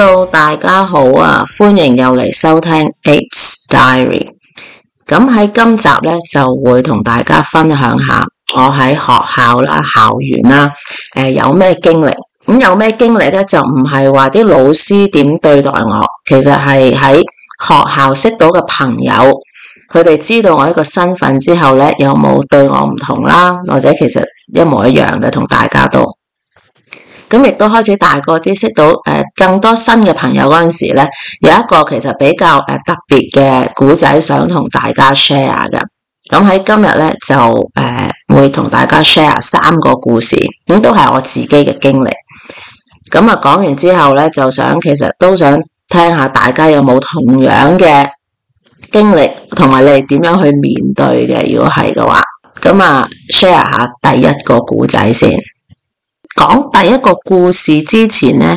Hello 大家好啊，歡迎又嚟收聽 Ape's Diary。咁喺今集咧，就會同大家分享下我喺學校啦、校園啦，誒、呃，有咩經歷？咁有咩經歷咧？就唔係話啲老師點對待我，其實係喺學校識到嘅朋友，佢哋知道我一個身份之後咧，有冇對我唔同啦，或者其實一模一樣嘅，同大家都。咁亦都開始大個啲，識到誒更多新嘅朋友嗰陣時咧，有一個其實比較誒特別嘅古仔想同大家 share 嘅。咁喺今日咧就誒會同大家 share 三個故事，咁都係我自己嘅經歷。咁啊講完之後咧，就想其實都想聽下大家有冇同樣嘅經歷，同埋你哋點樣去面對嘅？如果係嘅話，咁啊 share 下第一個古仔先。講第一個故事之前呢，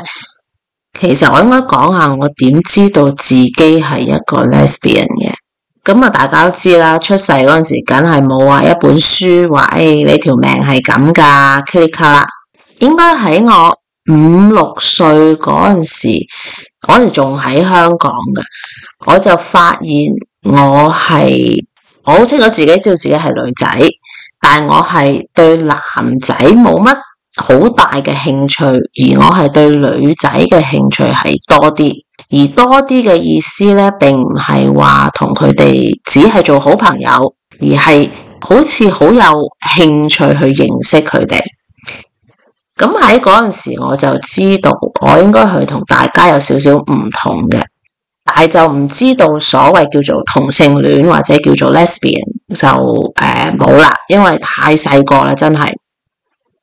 其實我應該講下我點知道自己係一個 lesbian 嘅。咁啊，大家都知啦，出世嗰陣時梗係冇話一本書話，誒、哎，你條命係咁噶 clear cut 啦。應該喺我五六歲嗰陣時，我哋仲喺香港嘅，我就發現我係我好清楚自己知道自己係女仔，但係我係對男仔冇乜好大嘅興趣，而我係對女仔嘅興趣係多啲，而多啲嘅意思咧，並唔係話同佢哋只係做好朋友，而係好似好有興趣去認識佢哋。咁喺嗰陣時，我就知道我應該去同大家有少少唔同嘅，但係就唔知道所謂叫做同性戀或者叫做 lesbian 就誒冇啦，因為太細個啦，真係。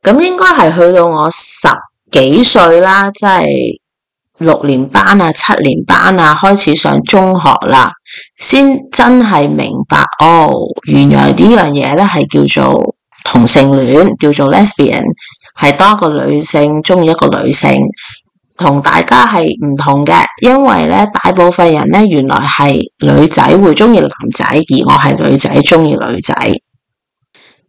咁應該係去到我十幾歲啦，即係六年班啊、七年班啊，開始上中學啦，先真係明白哦，原來呢樣嘢咧係叫做同性戀，叫做 lesbian，係多個女性中意一個女性，同大家係唔同嘅，因為咧大部分人咧原來係女仔會中意男仔，而我係女仔中意女仔，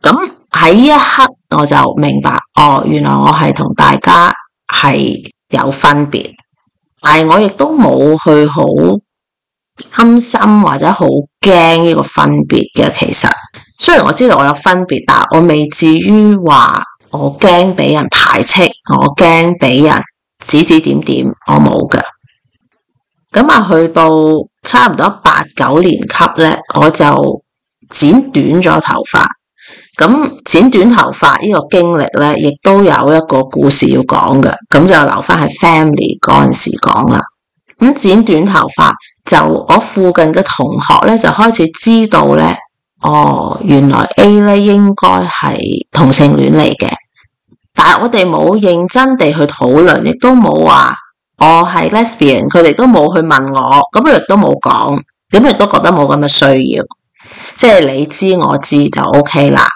咁。喺呢一刻，我就明白哦，原來我係同大家係有分別，但係我亦都冇去好堪心或者好驚呢個分別嘅。其實雖然我知道我有分別，但我未至於話我驚俾人排斥，我驚俾人指指點點，我冇㗎。咁啊，去到差唔多八九年級咧，我就剪短咗頭髮。咁剪短頭髮呢個經歷咧，亦都有一個故事要講嘅，咁就留翻係 family 嗰陣時講啦。咁剪短頭髮就我附近嘅同學咧，就開始知道咧，哦，原來 A 咧應該係同性戀嚟嘅，但係我哋冇認真地去討論，亦都冇話我係 lesbian，佢哋都冇去問我，咁佢亦都冇講，點亦都覺得冇咁嘅需要，即係你知我知就 OK 啦。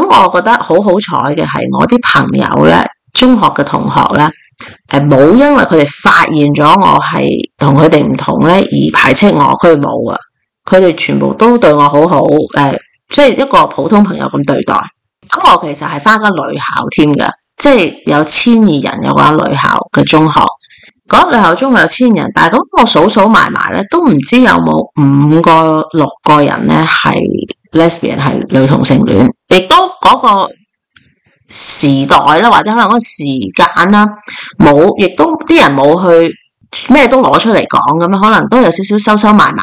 咁我覺得好好彩嘅係，我啲朋友咧，中學嘅同學咧，誒，冇因為佢哋發現咗我係同佢哋唔同咧而排斥我，佢哋冇啊！佢哋全部都對我好好，誒、呃，即係一個普通朋友咁對待。咁我其實係翻緊女校添嘅，即係有千二人嘅嗰間女校嘅中學。嗰間女校中學有千人，但係咁我數數埋埋咧，都唔知有冇五個六個人咧係。Lesbian 係女同性戀，亦都嗰個時代啦，或者可能嗰個時間啦，冇，亦都啲人冇去咩都攞出嚟講咁樣，可能都有少少收收埋埋。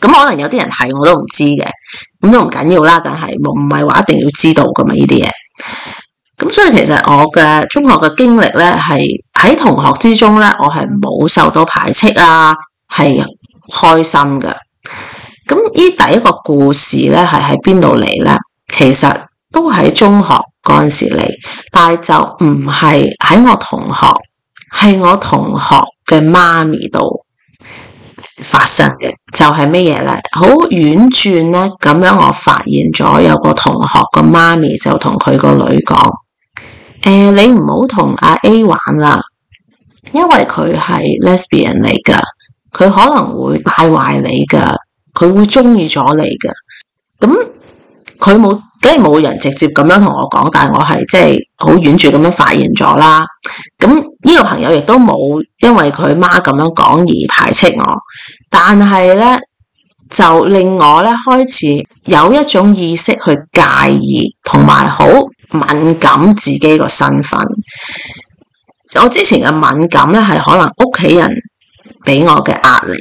咁可能有啲人係我都唔知嘅，咁都唔緊要啦。但係唔係話一定要知道㗎嘛？呢啲嘢。咁所以其實我嘅中學嘅經歷咧，係喺同學之中咧，我係冇受到排斥啊，係開心嘅。咁呢，第一個故事咧，係喺邊度嚟咧？其實都喺中學嗰陣時嚟，但係就唔係喺我同學，係我同學嘅媽咪度發生嘅。生就係咩嘢咧？好婉轉咧，咁樣我發現咗有個同學個媽咪就同佢個女講：誒、eh，你唔好同阿 A 玩啦，因為佢係 lesbian 嚟噶，佢可能會帶壞你噶。佢會中意咗你嘅，咁佢冇，梗係冇人直接咁樣同我講，但係我係即係好婉轉咁樣發現咗啦。咁呢個朋友亦都冇因為佢媽咁樣講而排斥我，但係咧就令我咧開始有一種意識去介意，同埋好敏感自己個身份。我之前嘅敏感咧係可能屋企人俾我嘅壓力，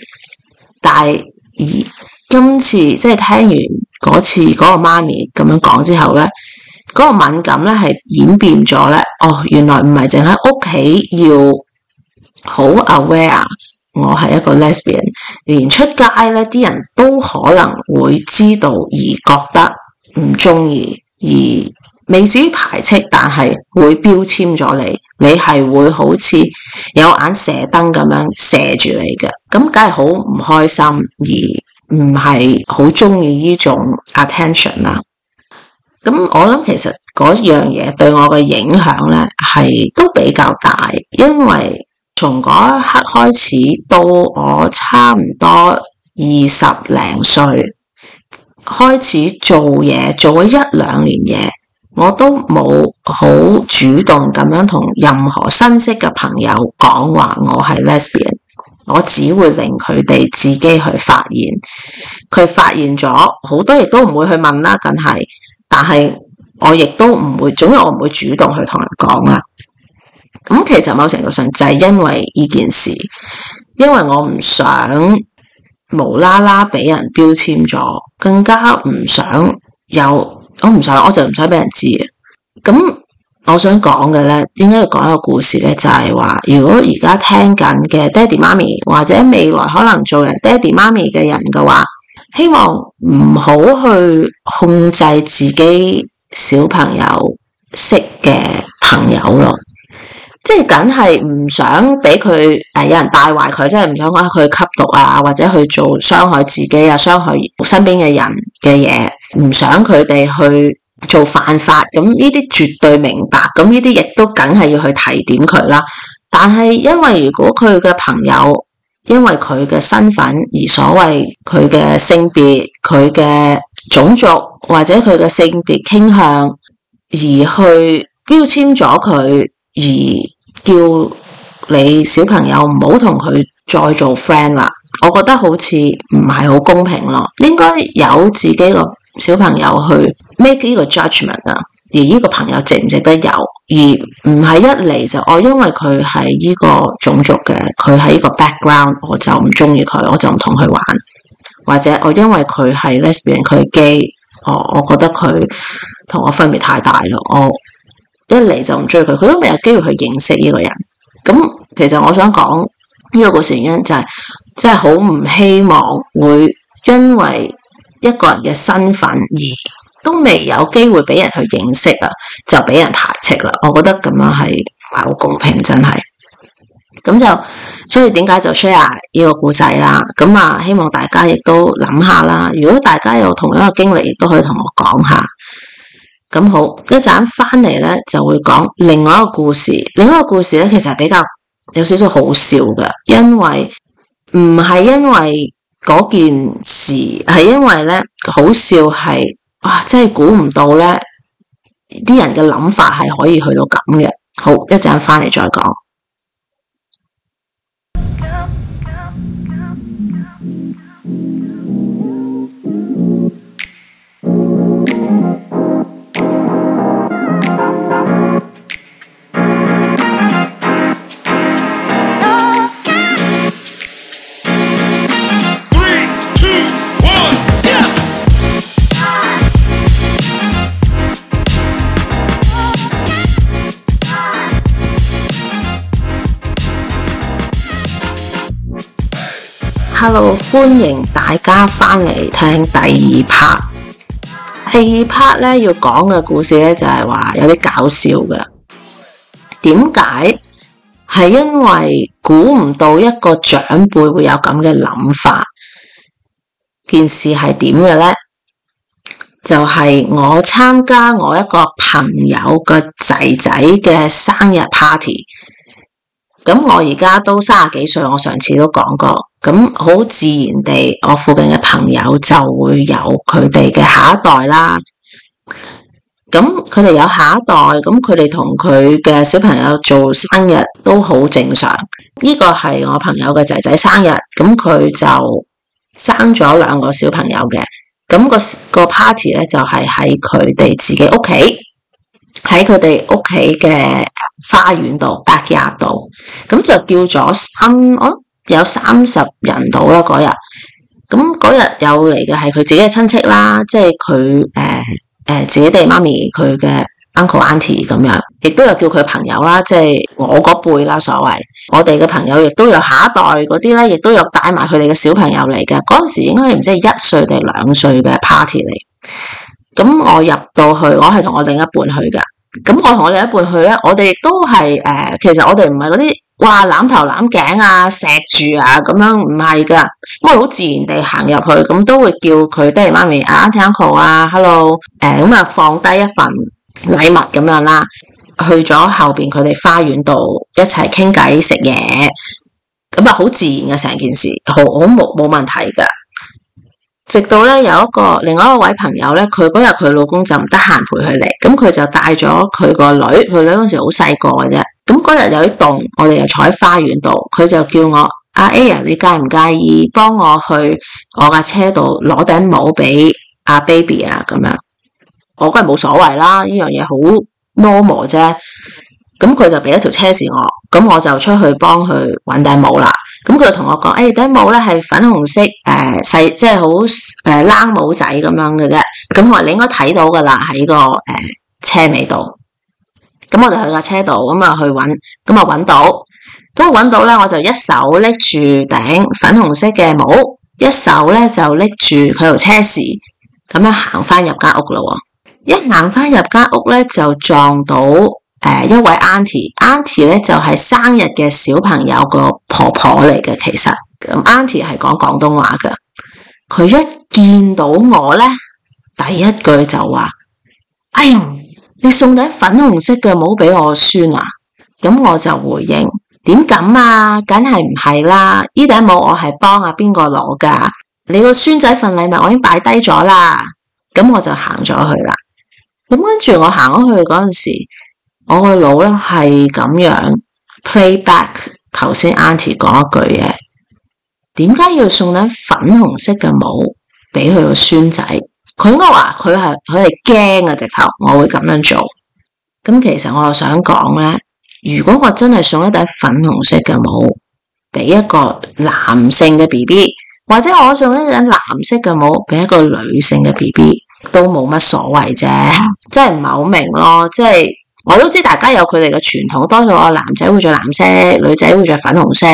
但係而。今次即係聽完嗰次，嗰個媽咪咁樣講之後咧，嗰個敏感咧係演變咗咧。哦，原來唔係淨喺屋企要好 aware，我係一個 lesbian，連出街咧啲人都可能會知道而覺得唔中意，而未至於排斥，但係會標籤咗你，你係會好似有眼射燈咁樣射住你嘅，咁梗係好唔開心而。唔係好中意呢種 attention 啦、啊。咁我諗其實嗰樣嘢對我嘅影響咧係都比較大，因為從嗰一刻開始到我差唔多二十零歲開始做嘢，做咗一兩年嘢，我都冇好主動咁樣同任何新識嘅朋友講話，我係 lesbian。我只會令佢哋自己去發現，佢發現咗好多嘢，亦都唔會去問啦，梗係。但係我亦都唔會，總之我唔會主動去同人講啦。咁、嗯、其實某程度上就係因為呢件事，因為我唔想無啦啦俾人標籤咗，更加唔想有，我唔想，我就唔想俾人知咁。嗯我想講嘅咧，點解要講一個故事咧？就係話，如果而家聽緊嘅爹地媽咪，或者未來可能做人爹地媽咪嘅人嘅話，希望唔好去控制自己小朋友識嘅朋友咯。即係梗係唔想俾佢誒有人帶壞佢，即係唔想講佢吸毒啊，或者去做傷害自己啊、傷害身邊嘅人嘅嘢，唔想佢哋去。做犯法咁，呢啲絕對明白，咁呢啲亦都梗係要去提點佢啦。但係因為如果佢嘅朋友因為佢嘅身份而所謂佢嘅性別、佢嘅種族或者佢嘅性別傾向而去標籤咗佢，而叫你小朋友唔好同佢再做 friend 啦，我覺得好似唔係好公平咯。應該有自己個。小朋友去 make 呢個 judgment 啊，而呢個朋友值唔值得有，而唔係一嚟就我、哦、因為佢係呢個種族嘅，佢係呢個 background，我就唔中意佢，我就唔同佢玩，或者我因為佢係 lesbian，佢 gay，我、哦、我覺得佢同我分別太大咯，我一嚟就唔中意佢，佢都未有機會去認識呢個人。咁、嗯、其實我想講呢個故事原因就係、是，真係好唔希望會因為。一個人嘅身份而都未有機會俾人去認識啊，就俾人排斥啦。我覺得咁樣係唔係好公平，真係。咁就所以點解就 share 呢個故事啦？咁啊，希望大家亦都諗下啦。如果大家有同一個經歷，亦都可以同我講下。咁好，一陣翻嚟咧，就會講另外一個故事。另外一個故事咧，其實比較有少少好笑噶，因為唔係因為。嗰件事係因為咧，好笑係，哇！真係估唔到咧，啲人嘅諗法係可以去到咁嘅。好，一陣返嚟再講。Hello，歡迎大家翻嚟聽第二 part。第二 part 咧要講嘅故事咧就係話有啲搞笑嘅。點解？係因為估唔到一個長輩會有咁嘅諗法。件事係點嘅咧？就係我參加我一個朋友個仔仔嘅生日 party。咁我而家都三十幾歲，我上次都講過。咁好自然地，我附近嘅朋友就會有佢哋嘅下一代啦。咁佢哋有下一代，咁佢哋同佢嘅小朋友做生日都好正常。呢個係我朋友嘅仔仔生日，咁佢就生咗兩個小朋友嘅。咁、那個個 party 咧就係喺佢哋自己屋企，喺佢哋屋企嘅花園度，backyard 度，咁就叫咗生、哦。我。有三十人到啦，嗰日，咁嗰日有嚟嘅係佢自己嘅親戚啦，即係佢誒誒自己哋媽咪佢嘅 uncle auntie 咁樣，亦都有叫佢朋友啦，即係我嗰輩啦所謂，我哋嘅朋友亦都有下一代嗰啲咧，亦都有帶埋佢哋嘅小朋友嚟嘅。嗰陣時應該唔知係一歲定兩歲嘅 party 嚟，咁我入到去，我係同我另一半去㗎，咁我同我另一半去咧，我哋亦都係誒，其實我哋唔係嗰啲。哇！攬頭攬頸啊，錫住啊，咁樣唔係噶，咁係好自然地行入去，咁都會叫佢爹哋媽咪啊，聽 call 啊，hello，誒、嗯，咁啊放低一份禮物咁樣啦，去咗後邊佢哋花園度一齊傾偈、食嘢，咁啊好自然嘅、啊、成件事，好，我冇冇問題噶。直到咧有一個另外一位朋友咧，佢嗰日佢老公就唔得閒陪佢嚟，咁佢就帶咗佢個女，佢女嗰時好細個嘅啫。咁嗰日有啲凍，我哋又坐喺花園度，佢就叫我阿 Aaron 你介唔介意幫我去我架車度攞頂帽俾阿 Baby 啊？咁樣我梗係冇所謂啦，呢樣嘢好 normal 啫。咁佢就俾一條車匙我，咁我就出去幫佢搵頂帽啦。咁佢就同我講：，誒，頂帽咧係粉紅色，誒、呃、細，即係好誒冷帽仔咁樣嘅啫。咁我話你應該睇到噶啦，喺個誒、呃、車尾度。咁我就去架車度，咁啊去揾，咁啊揾到，咁揾到咧，我就一手拎住頂粉紅色嘅帽，一手咧就拎住佢度車匙，咁樣行翻入間屋啦。一行翻入間屋咧，就撞到誒、呃、一位 auntie，auntie，auntie 咧就係、是、生日嘅小朋友個婆婆嚟嘅，其實咁 auntie 係講廣東話噶。佢一見到我咧，第一句就話：哎呀！你送頂粉紅色嘅帽俾我孫啊？咁我就回應：點咁啊？梗係唔係啦！呢頂帽我係幫阿、啊、邊個攞噶？你個孫仔份禮物我已經擺低咗啦。咁我就行咗去啦。咁跟住我行咗去嗰陣時，我個腦咧係咁樣 playback 頭先 auntie 講一句嘢：點解要送頂粉紅色嘅帽俾佢個孫仔？佢應該話佢係佢係驚啊！直頭我會咁樣做，咁其實我又想講咧，如果我真係送一頂粉紅色嘅帽俾一個男性嘅 BB，或者我送一頂藍色嘅帽俾一個女性嘅 BB，都冇乜所謂啫，即係唔係好明咯。即係我都知大家有佢哋嘅傳統，多數我男仔會着藍色，女仔會着粉紅色。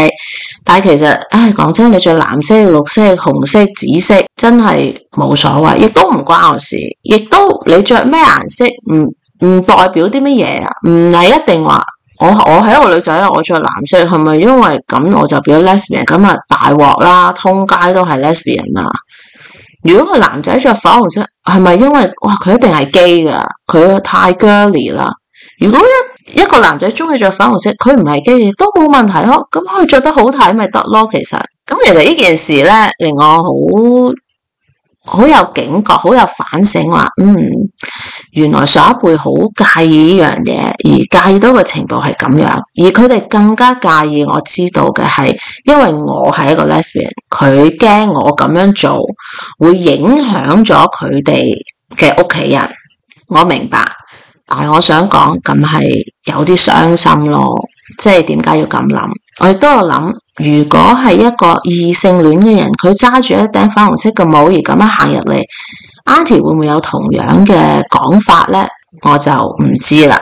但係其實，唉，講真，你着藍色、綠色、紅色、紫色，真係冇所謂，亦都唔關我事，亦都你着咩顏色，唔唔代表啲乜嘢啊？唔係一定話我我係一個女仔，我着藍色，係咪因為咁我就變咗 lesbian？咁啊大鑊啦，通街都係 lesbian 啦。如果個男仔着粉紅色，係咪因為哇佢一定係 gay 噶？佢太 girly 啦。如果一一個男仔中意着粉紅色，佢唔係嘅亦都冇問題咯，咁佢着得好睇咪得咯。其實，咁其實呢件事咧令我好好有警覺，好有反省。話嗯，原來上一輩好介意呢樣嘢，而介意到嘅程度係咁樣，而佢哋更加介意我知道嘅係，因為我係一個 lesbian，佢驚我咁樣做會影響咗佢哋嘅屋企人。我明白。但係我想講，咁係有啲傷心咯，即係點解要咁諗？我亦都有諗，如果係一個異性戀嘅人，佢揸住一頂粉紅色嘅帽而咁樣行入嚟，阿 T 會唔會有同樣嘅講法呢？我就唔知啦。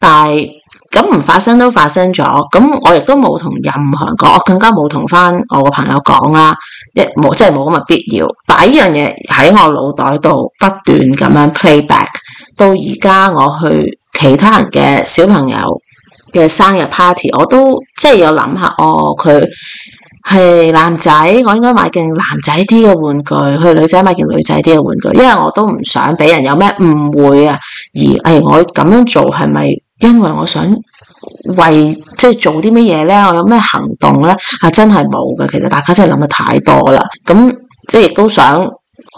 但係。咁唔發生都發生咗，咁我亦都冇同任何人講，我更加冇同翻我個朋友講啦，亦冇即係冇咁嘅必要。擺呢樣嘢喺我腦袋度不斷咁樣 playback，到而家我去其他人嘅小朋友嘅生日 party，我都即係有諗下，哦，佢係男仔，我應該買件男仔啲嘅玩具，去女仔買件女仔啲嘅玩具，因為我都唔想俾人有咩誤會啊。而誒、哎，我咁樣做係咪？因為我想為即係做啲乜嘢咧，我有咩行動咧？啊，真係冇嘅。其實大家真係諗得太多啦。咁即係亦都想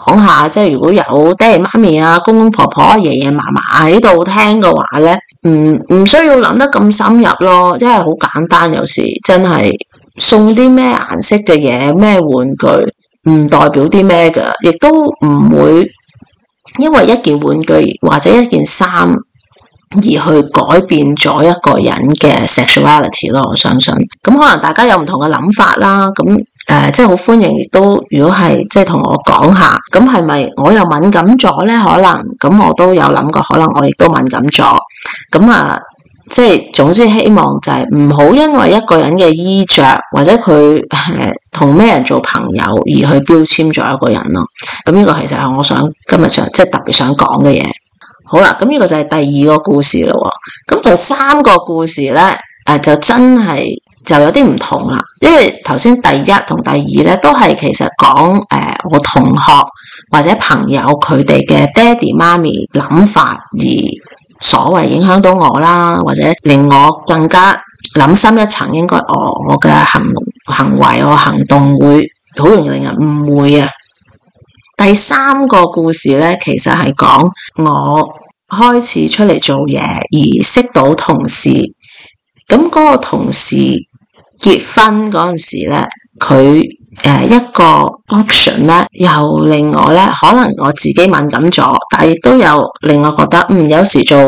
講下，即係如果有爹哋媽咪啊、公公婆婆、爺爺嫲嫲喺度聽嘅話咧，唔、嗯、唔需要諗得咁深入咯。因為好簡單，有時真係送啲咩顏色嘅嘢、咩玩具，唔代表啲咩嘅，亦都唔會因為一件玩具或者一件衫。而去改變咗一個人嘅 sexuality 咯，我相信咁可能大家有唔同嘅諗法啦，咁誒、呃、即係好歡迎，亦都如果係即係同我講下，咁係咪我又敏感咗咧？可能咁我都有諗過，可能我亦都敏感咗。咁啊，即係總之希望就係唔好因為一個人嘅衣着，或者佢誒同咩人做朋友而去標籤咗一個人咯。咁呢個其實係我想今日想即係特別想講嘅嘢。好啦，咁呢個就係第二個故事咯、哦。咁第三個故事呢，誒、呃、就真係就有啲唔同啦。因為頭先第一同第二呢，都係其實講誒、呃、我同學或者朋友佢哋嘅爹哋媽咪諗法而所謂影響到我啦，或者令我更加諗深一層，應該、哦，我我嘅行行為我行動會好容易令人誤會啊。第三個故事咧，其實係講我開始出嚟做嘢而識到同事，咁嗰個同事結婚嗰陣時咧，佢誒、呃、一個 option 咧，又令我咧可能我自己敏感咗，但係亦都有令我覺得，嗯，有時做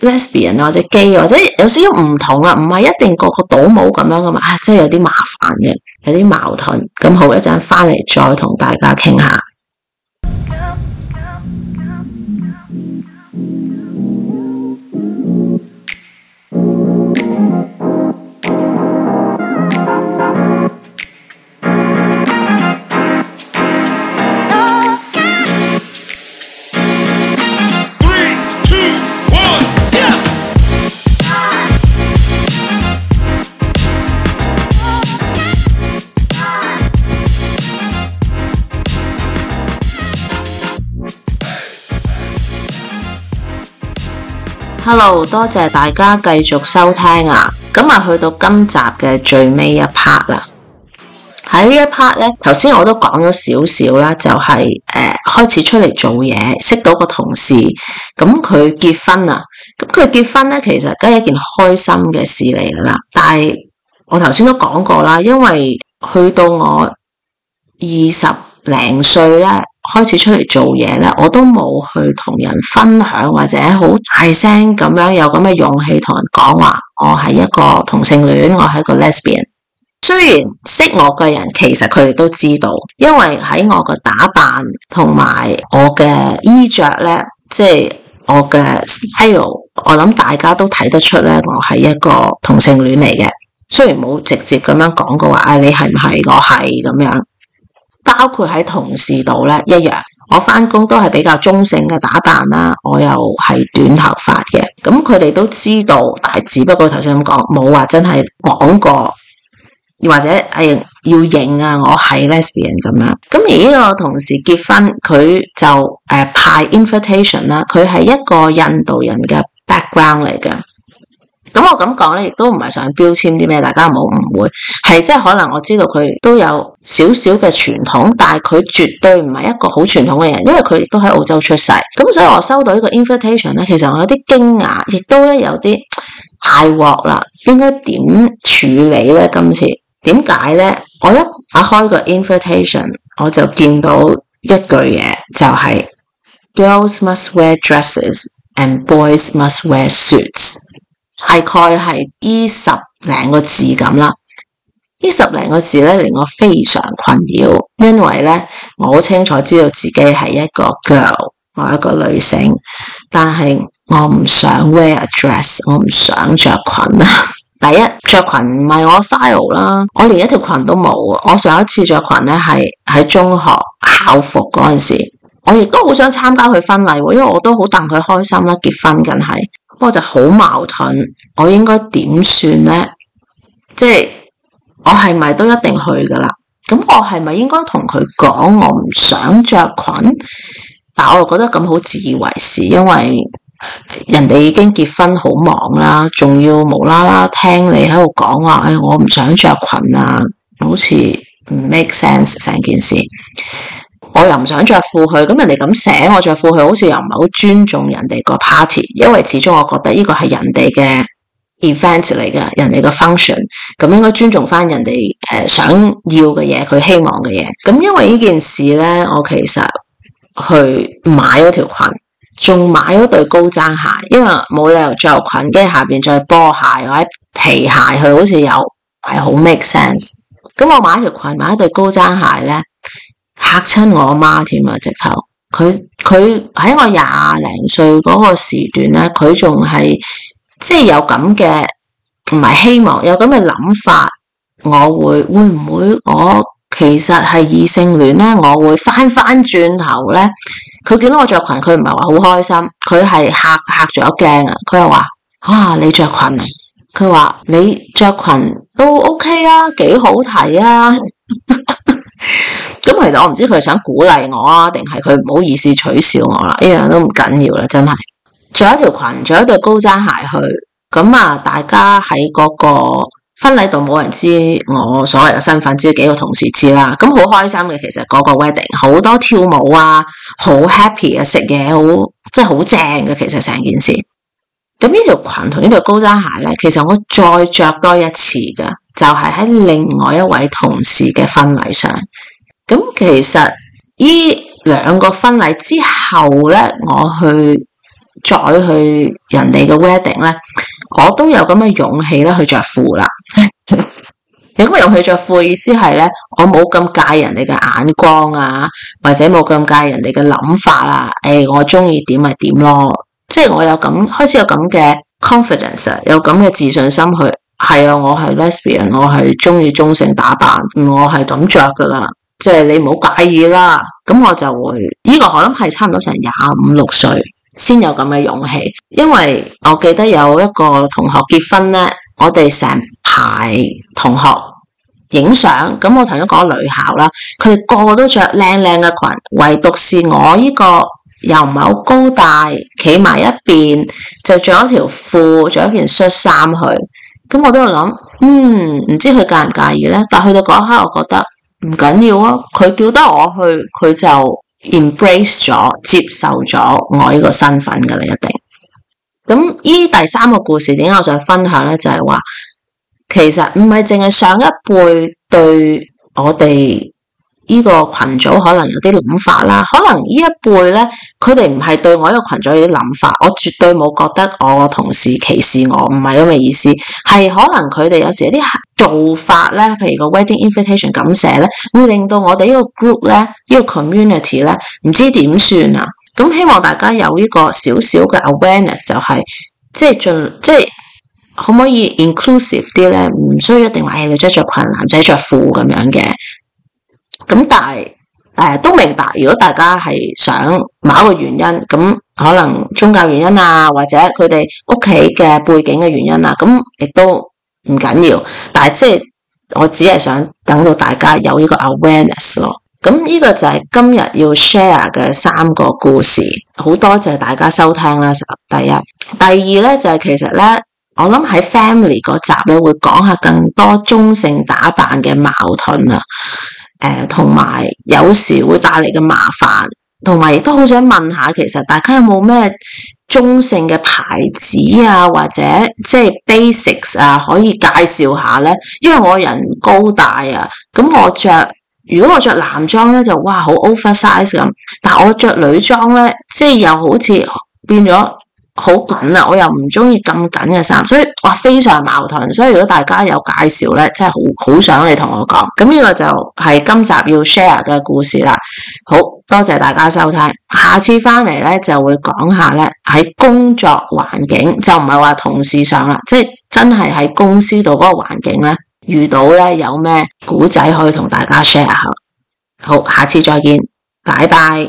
lesbian、啊、或者 gay、啊、或者有少少唔同啊，唔係一定個個倒模咁樣噶嘛、啊啊，真係有啲麻煩嘅，有啲矛盾。咁好一陣翻嚟再同大家傾下。Hello，多謝大家繼續收聽啊，咁啊去到今集嘅最尾一 part 啦。喺呢一 part 咧，頭先我都講咗少少啦，就係誒開始出嚟做嘢，識到個同事，咁佢結婚啊，咁佢結婚咧，其實梗係一件開心嘅事嚟噶啦。但係我頭先都講過啦，因為去到我二十零歲咧。開始出嚟做嘢咧，我都冇去同人分享，或者好大聲咁樣有咁嘅勇氣同人講話，我係一個同性戀，我係一個 lesbian。雖然識我嘅人，其實佢哋都知道，因為喺我嘅打扮同埋我嘅衣着咧，即係我嘅 style，我諗大家都睇得出咧，我係一個同性戀嚟嘅。雖然冇直接咁樣講過話，啊、哎、你係唔係我係咁樣。包括喺同事度咧一樣，我翻工都係比較中性嘅打扮啦，我又係短頭髮嘅，咁佢哋都知道，但係只不過頭先咁講，冇話真係講過，或者係要認，啊，我係 lesbian 咁樣。咁而呢個同事結婚，佢就誒派 invitation 啦，佢係一個印度人嘅 background 嚟嘅。咁我咁講咧，亦都唔係想標籤啲咩，大家冇誤會。係即係可能我知道佢都有少少嘅傳統，但係佢絕對唔係一個好傳統嘅人，因為佢都喺澳洲出世。咁所以我收到呢個 invitation 咧，其實我有啲驚訝，亦都咧有啲大鑊啦。應該點處理咧？今次點解咧？我一打開個 invitation，我就見到一句嘢，就係：girls must wear dresses and boys must wear suits。大概係呢十零個字咁啦，呢十零個字咧令我非常困擾，因為咧我好清楚知道自己係一個 girl，我係一個女性，但係我唔想 wear a dress，我唔想着裙啊。 第一着裙唔係我 style 啦，我連一條裙都冇，我上一次着裙咧係喺中學校服嗰陣時，我亦都好想參加佢婚禮，因為我都好戥佢開心啦，結婚梗係。不過我就好矛盾，我應該點算呢？即係我係咪都一定去噶啦？咁我係咪應該同佢講我唔想着裙？但我又覺得咁好自以為是，因為人哋已經結婚好忙啦，仲要無啦啦聽你喺度講話，誒、哎，我唔想着裙啊，好似唔 make sense 成件事。我又唔想著褲去，咁人哋咁寫我著褲去，好似又唔係好尊重人哋個 party。因為始終我覺得呢個係人哋嘅 event 嚟嘅，人哋嘅 function，咁應該尊重翻人哋誒想要嘅嘢，佢希望嘅嘢。咁因為呢件事呢，我其實去買咗條裙，仲買咗對高踭鞋，因為冇理由著裙跟住下邊再波鞋或者皮鞋，佢好似又係好 make sense。咁我買一條裙，買一對高踭鞋呢。嚇親我媽添啊！直頭佢，佢喺我廿零歲嗰個時段咧，佢仲係即係有咁嘅唔係希望，有咁嘅諗法。我會會唔會我其實係異性戀咧？我會翻翻轉頭咧，佢見到我着裙，佢唔係話好開心，佢係吓嚇咗一驚啊！佢又話：，啊，你着裙嚟，佢話你着裙都 OK 啊，幾好睇啊！ 咁其實我唔知佢想鼓勵我啊，定係佢唔好意思取笑我啦？呢樣都唔緊要啦，真係。着一條裙，着一對高踭鞋去，咁啊，大家喺嗰個婚禮度冇人知我所謂嘅身份，只有幾個同事知啦。咁好開心嘅，其實嗰個 wedding 好多跳舞啊，好 happy 啊，食嘢好，即係好正嘅。其實成件事，咁呢條裙同呢對高踭鞋咧，其實我再着多一次㗎。就係喺另外一位同事嘅婚禮上，咁其實呢兩個婚禮之後咧，我去再去人哋嘅 wedding 咧，我都有咁嘅勇氣咧去着褲啦。如 果有咁嘅勇氣去着褲，意思係咧，我冇咁介人哋嘅眼光啊，或者冇咁介人哋嘅諗法啊。誒、哎，我中意點咪點咯，即係我有咁開始有咁嘅 confidence，有咁嘅自信心去。係啊，我係 lesbian，我係中意中性打扮，我係咁着噶啦，即係你唔好介意啦。咁我就會呢個，可能係差唔多成廿五六歲先有咁嘅勇氣，因為我記得有一個同學結婚咧，我哋成排同學影相，咁我頭先講女校啦，佢哋個個都着靚靚嘅裙，唯獨是我呢個又唔係好高大，企埋一邊就着一條褲，着一件恤衫去。咁我都喺度諗，嗯，唔知佢介唔介意咧。但係去到嗰一刻，我覺得唔緊要啊。佢叫得我去，佢就 embrace 咗、接受咗我呢個身份嘅咧，一定。咁依第三個故事點解我想分享咧？就係話，其實唔係淨係上一輩對我哋。呢個群組可能有啲諗法啦，可能一輩呢一輩咧，佢哋唔係對我呢個群組有啲諗法，我絕對冇覺得我同事歧視我，唔係咁嘅意思，係可能佢哋有時有啲做法咧，譬如個 wedding invitation 咁寫咧，會令到我哋呢個 group 咧，這個、呢個 community 咧，唔知點算啊？咁希望大家有呢個少少嘅 awareness，就係、是、即係盡即係可唔可以 inclusive 啲咧？唔需要一定話係、哎、女仔着裙，男仔着褲咁樣嘅。咁但係誒、呃、都明白，如果大家係想某一個原因，咁可能宗教原因啊，或者佢哋屋企嘅背景嘅原因啊，咁亦都唔緊要。但係即係我只係想等到大家有呢個 awareness 咯。咁呢個就係今日要 share 嘅三個故事，好多謝大家收聽啦。第一，第二咧就係、是、其實咧，我諗喺 family 嗰集咧會講下更多中性打扮嘅矛盾啊。誒同埋有時會帶嚟嘅麻煩，同埋亦都好想問下，其實大家有冇咩中性嘅牌子啊，或者即係 basics 啊，可以介紹下呢？因為我人高大啊，咁我着，如果我着男裝呢，就哇好 oversize 咁，但我着女裝呢，即係又好似變咗。好緊啊！我又唔中意咁緊嘅衫，所以嘩，非常矛盾。所以如果大家有介紹咧，真係好好想你同我講。咁呢個就係今集要 share 嘅故事啦。好多謝大家收睇，下次翻嚟咧就會講下咧喺工作環境就唔係話同事上啦，即係真係喺公司度嗰個環境咧遇到咧有咩古仔可以同大家 share 下。好，下次再見，拜拜。